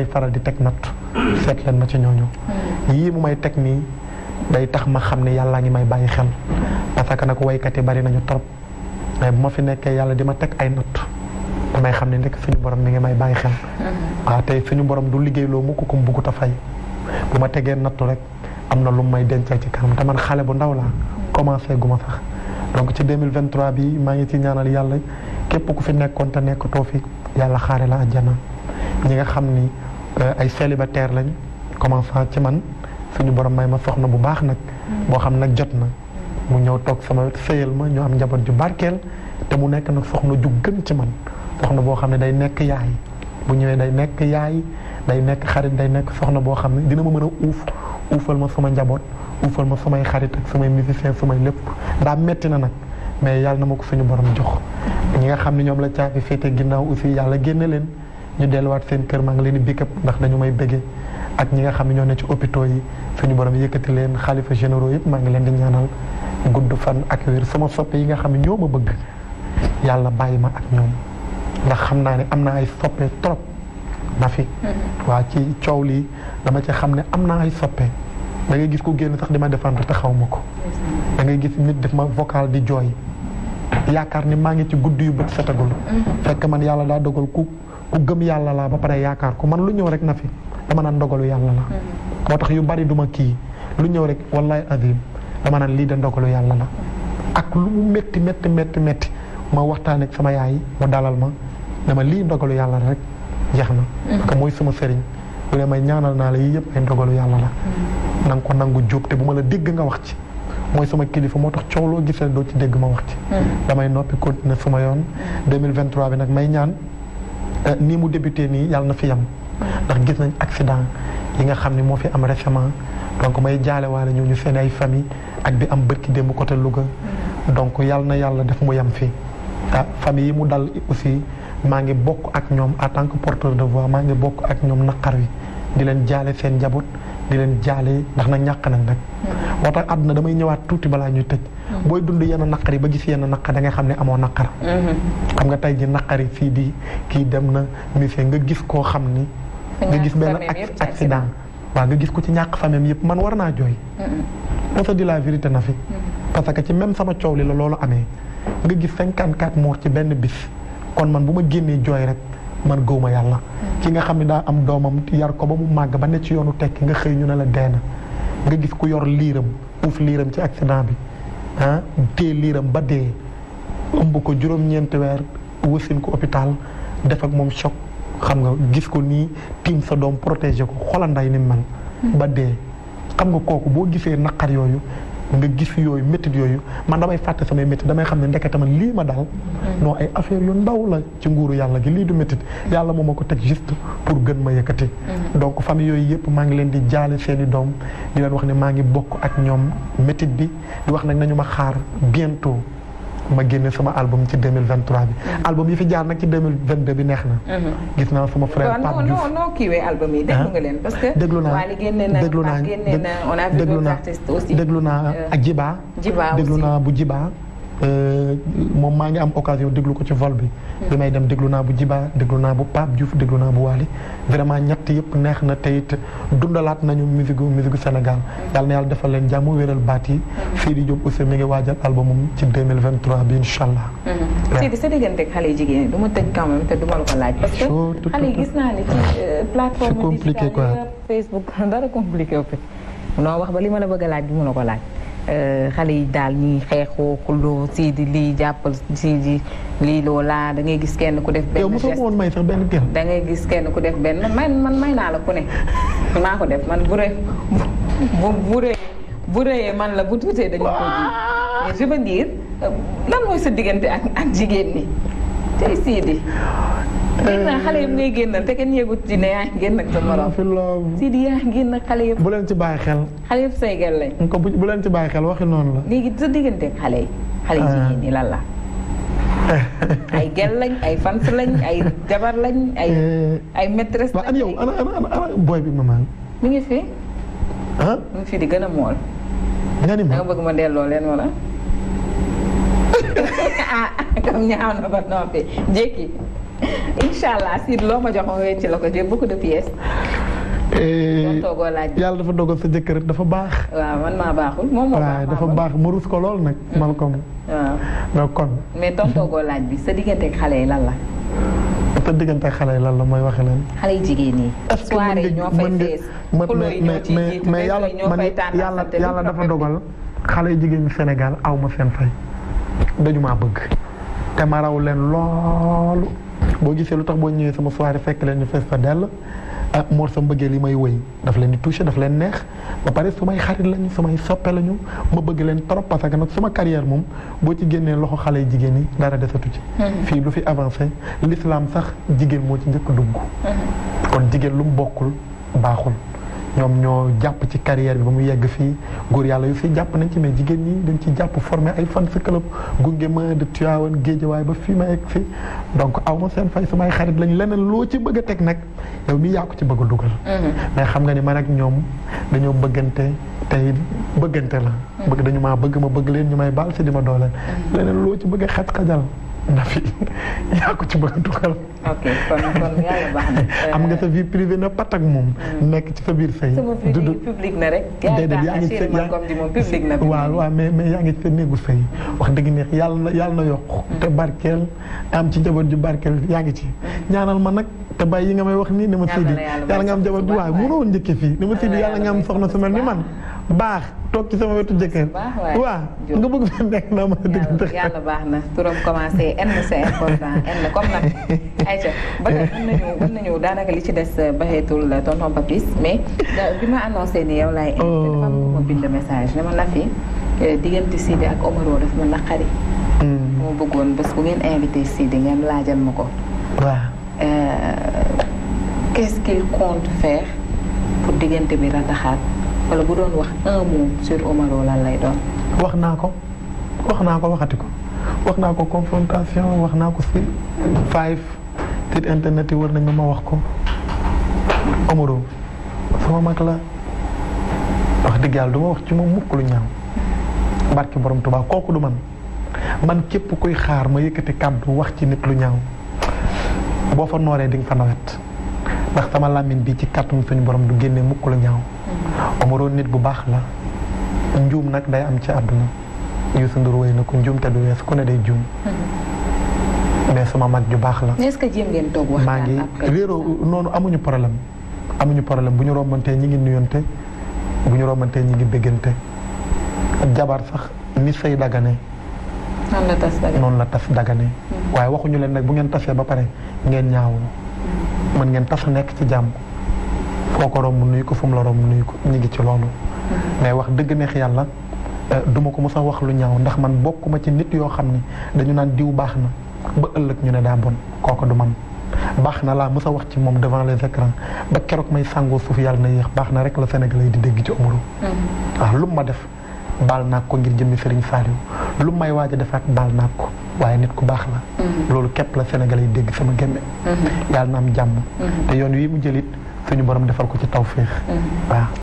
may faral di teg natt seet leen ma ci ñooñu yii mu may teg nii day tax ma xam ne yàllaa ngi may bàyyi xel parce que nag waykat yi bari nañu trop mais bu ma fi nekkee yàlla di ma teg ay natt damay xam ne nekk suñu borom mi ngi may bàyyi xel mm-hmm. waaw tey suñu borom du liggéey loo mukk ko mu bugg fay bu ma tegee nattu rek am na lu may dencal ci kanam te man xale bu ndaw laa commencé guma sax donc ci 2023 bi maa ngi ci ñaanal yàlla képp ku fi nekkoon te nekkatoo fi yàlla xaare laa àjjana ñi nga xam ni euh, ay célibataire lañ commençant ci man suñu borom may ma soxna bu baax nag mm. boo xam nag jot na mu ñëw toog sama sëyal ma ñu am njaboot ju barkeel te mu nekk nag soxna ju gën ci man soxna boo xam ne day nekk yaay bu ñëwee day nekk yaay day nekk xarit day nekk soxna boo xam ne dina ma mën a uuf uufal ma sama njaboot uufal ma samay xarit ak samay musicien samay lépp daa metti na nag mais yàlla na ma ko suñu borom jox mm. ñi nga xam ne ñoom la caabi féete ginnaaw aussi yàlla génne leen ñu delluwaat seen kër maa ngi leen di bikëp ndax dañu may bége ak ñi nga xam ne ñoo ne ci hôpitaux yi suñu borom yëkkati leen xaalifa généraux yëpp maa ngi leen di ñaanal gudd fan ak wér sama soppe yi nga xam ne ñoo ma bëgg yàlla bàyyi ma ak ñoom ndax xam naa ne am na ay soppe trop na fi mm-hmm. waa ci coow lii dama ci xam ne am naa ay soppe da gis ku génn sax di ma défendre te xaw ma ko mm-hmm. dangay gis nit def ma vocal di jooy yaakaar ni maa ngi ci gudd yu bët setagul mm-hmm. fekk man yàlla daa dogal ku ku gëm yàlla laa ba pare yaakaar ko man lu ñëw rek na fi dama naan ndogalu yàlla la mm-hmm. moo tax yu bari duma kii lu ñëw rek wallahi azim dama naan lii de ndogalu yàlla la ak lu mu métti metti métti ma waxtaan ak sama yaay mu dalal ma dama lii ndogalu yàlla rek jeex na parce mm-hmm. mooy sama sëriñ bu ne ñaanal naa la yii yëpp ay yàlla mm-hmm. na nga ko nangu jóg te bu ma la dégg nga wax ci mooy sama kilifa moo tax coow loo gisee doo ci dégg ma wax ci damay noppi continuer sama yoon 2023 bi nag may ñaan Euh, nii mu débuté nii yàlla na fi yem ndax gis nañ accident yi nga xam ne moo fi am récemment donc may jaale waale ñooñu seen ay famille ak bi am bërki démb côté Louga donc yàlla na yàlla def mu yem fi ah famille yi mu dal aussi maa ngi bokk ak ñoom en tant que porteur de voix maa ngi bokk ak ñoom naqar wi di leen jaale seen njaboot di leen jaale ndax na ñàq nañ nag hmm. moo tax àdduna damay ñëwaat tuuti balaa ñuy tëj booy dund yenn naqar yi ba gis yenn naqar da nga xam ne amoo naqar mhm. xam nga tey ji naqar yi fii di kii dem na mise nga gis koo xam ni nga gis benn accident waaw nga gis ko ci ñàkk famille yëpp man war naa jooy parce mhm. la vérité na fi mhm. ci même sama coow la loolu amee nga gis cinquante quatre morts ci benn bis kon man bu ma génnee jooy rek man gëw ma yàlla ki nga xam ne daa am doomam yar ko ba mu màgg ba ne ci yoonu tekki nga xëy ñu ne la dee na nga gis ku yor liiram uuf liiram ci accident bi ah téye liiram ba dee ëmb ko juróom-ñeenti weer wëssin ko hôpital def ak moom choc xam nga gis ko nii tiim sa doom protéger ko xolanday ni man ba dee xam nga kooku boo gisee naqar yooyu nga gis yooyu méttit yooyu man damay fàtte samay méttit damay xam ne ndekete man lii ma dal mm. non ay affaire yu ndaw la ci nguuru yàlla gi lii du méttit mm. yàlla moo ma ko teg juste pour gën ma yëkkati mm. donc famille yooyu yëpp maa ngi leen di jaale seeni doom di leen wax ne maa ngi bokk ak ñoom méttit bi di wax nag nañu ma xaar bientôt ma génne sama album ci 2023 bi. Mm-hmm. album yi fi jaar nag ci 2022 bi neex na. Mm-hmm. gis naa sama frère Pape Diouf non non kiiwee album yi déglu ah. nga leen. parce que déglu naa Wally génne na Pape génne na on a vu d'autres artistes aussi. déglu naa euh, ak Jiba. Jiba aussi déglu naa bu Jiba. Euh, moom maa ngi am occasion déglu ko ci vol bi bi may dem déglu naa bu Jiba déglu naa bu Pape Diouf déglu naa bu Waly vraiment ñett yëpp neex na te dundalaat nañu musigu musigu Sénégal yàlla na yàlla defal leen jàmm wéral baat yi Sidi Diop aussi mi ngi waajal albumum ci 2023 bi incha allah Sidi sa digganteeg xale yu jigéen du ma tëj quand même te du la ko laaj parce que xale yi gis naa ne ci euh, plateforme compliqué wu fi noo wax ba li ma la bëgg a laaj du ma Euh, xale yi daal ñuy xeexoo xuloo sii di lii jàppal sii di lii loola dangay gis kenn ku def. benn yow mosoo may benn gerte. da ngay gis kenn ku def benn man man may naa la ku ne maa ko def man bu rëy bu rëyee man la bu tuutee dañu ko ji. mais mooy sa diggante ak ak jigéen ñi tey sii di. dégg naa xale yëpp ngay génnal te kenn yëgut ci ne yaa ngi ak sa morom. fi loo Sidi yaa ngi ak xale yëpp. bu leen ci bàyyi xel. xale yëpp say gel lañ. nga ko noonu la. léegi sa diggante ak xale yi. xale yi jigéen ñi la. Ah. ay gel lañ ay fans lañ ay jabar lañ ay eh. ay maîtresse lañ. waaw ana yow ana ana ana boy ngi fi. ah mi ngi fi di gën a mool. nga ni ma nga bëgg ma delloo leen wala. ah comme ñaaw na ba noppi jékki. incha allah Sidi loo ma jox ma wecc la ko jël beaucoup de pièces. Eh, yàlla dafa dogal sa jëkkër dafa baax. waaw man maa baaxul moom moo baax dafa baax ma rus ko lool nag. Mm-hmm. Malcom waaw donc kon. mais tontoogoo laaj bi sa digganteeg xale yi lan la. sa digganteeg xale yi lan la mooy waxee lan. xale yu jigéen ñi. est-ce que mën nga mën nga mais mais yàlla man yàlla yàlla dafa dogal xale yu jigéen ñi Sénégal aw ma seen fay. dañu maa bëgg. te ma raw leen loolu. boo gisee lu tax boo ñëwee sama soirée fekk leen ñu fees fa dell ah Mor sa mbëggeel yi may wëy daf leen di touché daf leen neex ba pare may xarit lañu sumay soppe lañu ma bëgg leen trop parce que nag suma carrière moom boo ci génnee loxo xale yi jigéen ñi dara desatu ci. Hmm. fii lu fi avancé lislaam sax jigéen moo ci njëkk dugg. Hmm. kon jigéen lu mu bokkul baaxul. ñoom ñoo jàpp ci carrière bi ba mu yegg fii góor yàlla yu fi jàpp nañ ci mais jigéen ñi dañ ci jàpp formé ay fan sa club gunge ma de Tivaouane Guédiawaye ba fi ma yegg fi donc aw seen fay samay xarit lañ leneen loo ci bëgg a teg nag yow mii yaa ci bëgg dugal. Mm-hmm. mais xam nga ni man ak ñoom dañoo bëggante tey bëggante la. Mm-hmm. bëgg dañu maa bëgg ma bëgg leen ñu may baal si di ma dooleel. Mm-hmm. leneen loo ci bëgg a xaj xajal. Nafi yaa ko ci bëgg a dugal. ok na. am nga sa vie privée na pat ak moom. Mm. nekk ci sa biir say. dudd public na rek. déedéet yaa ngi ci public na. waaw waaw mais yaa ngi ci sa néegu wax dëgg neex yàlla na yàlla na yokk. Mm. te barkeel am ci njaboot ju barkeel yaa ngi ci. Mm. ñaanal ma nag te bàyyi yi nga may wax nii ne ma. yàlla na yàlla na yàlla nga am njaboot waaye mënoo njëkkee fii. ne ma yàlla nga am soxna su mel ni man baax. toog ci sama wetu jëkkër. waaw nga bëgg fee nekk naa mën a diggante. yàlla baax na turam commencé en c'est important en comme nag Aïcha ba tey mën nañu mën nañu daanaka li ci des euh, baxeetul euh, tonton Papis mais euh, bi ma annoncé ni yow laay. oh dafa am ma oh. bind message ne ma Nafi diggante Sidi ak Omaro daf ma naqari. Hmm. ma bëggoon bés bu ngeen invité Sidi ngeen laajal ma ko. waaw. quest diggante bi rataxaat. wala bu doon wax un mot sur Omaro lay doon. wax naa ko wax naa ko waxati ko wax naa ko confrontation wax naa ko si five site internet yi war nañu ma wax ko Omaro sama mag la wax dëgg yàlla du ma wax ci moom mukk lu ñaaw barki borom Tuubaa kooku du man man képp kuy xaar ma yëkkati kàddu wax ci nit lu ñaaw boo fa nooree di fa nawet ndax sama làmmiñ bi ci kàttan suñu borom du génne mukk lu ñaaw Omaro nit bu baax la njuum nag day am ci àdduna Youssou Ndour wéy na ko njuum te du wees ku ne day juum mm-hmm. mais sama mag ju baax la est-ce que jéem toog maa ngi réeroo noonu amuñu problème amuñu problème bu ñu rombantee ñi ngi nuyoonte bu ñu rombantee ñi ngi béggante jabar sax ni sëy dagane noonu la tas dagane mm-hmm. waaye waxuñu leen nag bu ngeen tasee ba pare ngeen ñaawoo mën ngeen tas nekk ci jàmm foo ko romb nuyu ko fu mu la romb nuyu ko ñu ngi ci loolu. mais wax dëgg neex yàlla euh, duma ko mos a wax lu ñaaw ndax man bokkuma ci nit yoo xam ni dañu naan diw baax na ba ëllëg ñu ne daa bon kooku du man. baax na laa mos a wax ci moom devant les écrans ba keroog may sàngoo suuf yàlla na yéex baax na rek la Sénégalais di dégg ci Omaro. Mm-hmm. waaw lu ma def baal naa ko ngir jëmmi Serigne Saliou lu may waaj a defaat baal naa ko. waaye nit ku baax la mhm. loolu képp la sénégal yi dégg sama gémme mhm. yàlla na am jàmm mhm. te yoon wi mu jëlit suñu borom defal ko ci tawféex waaw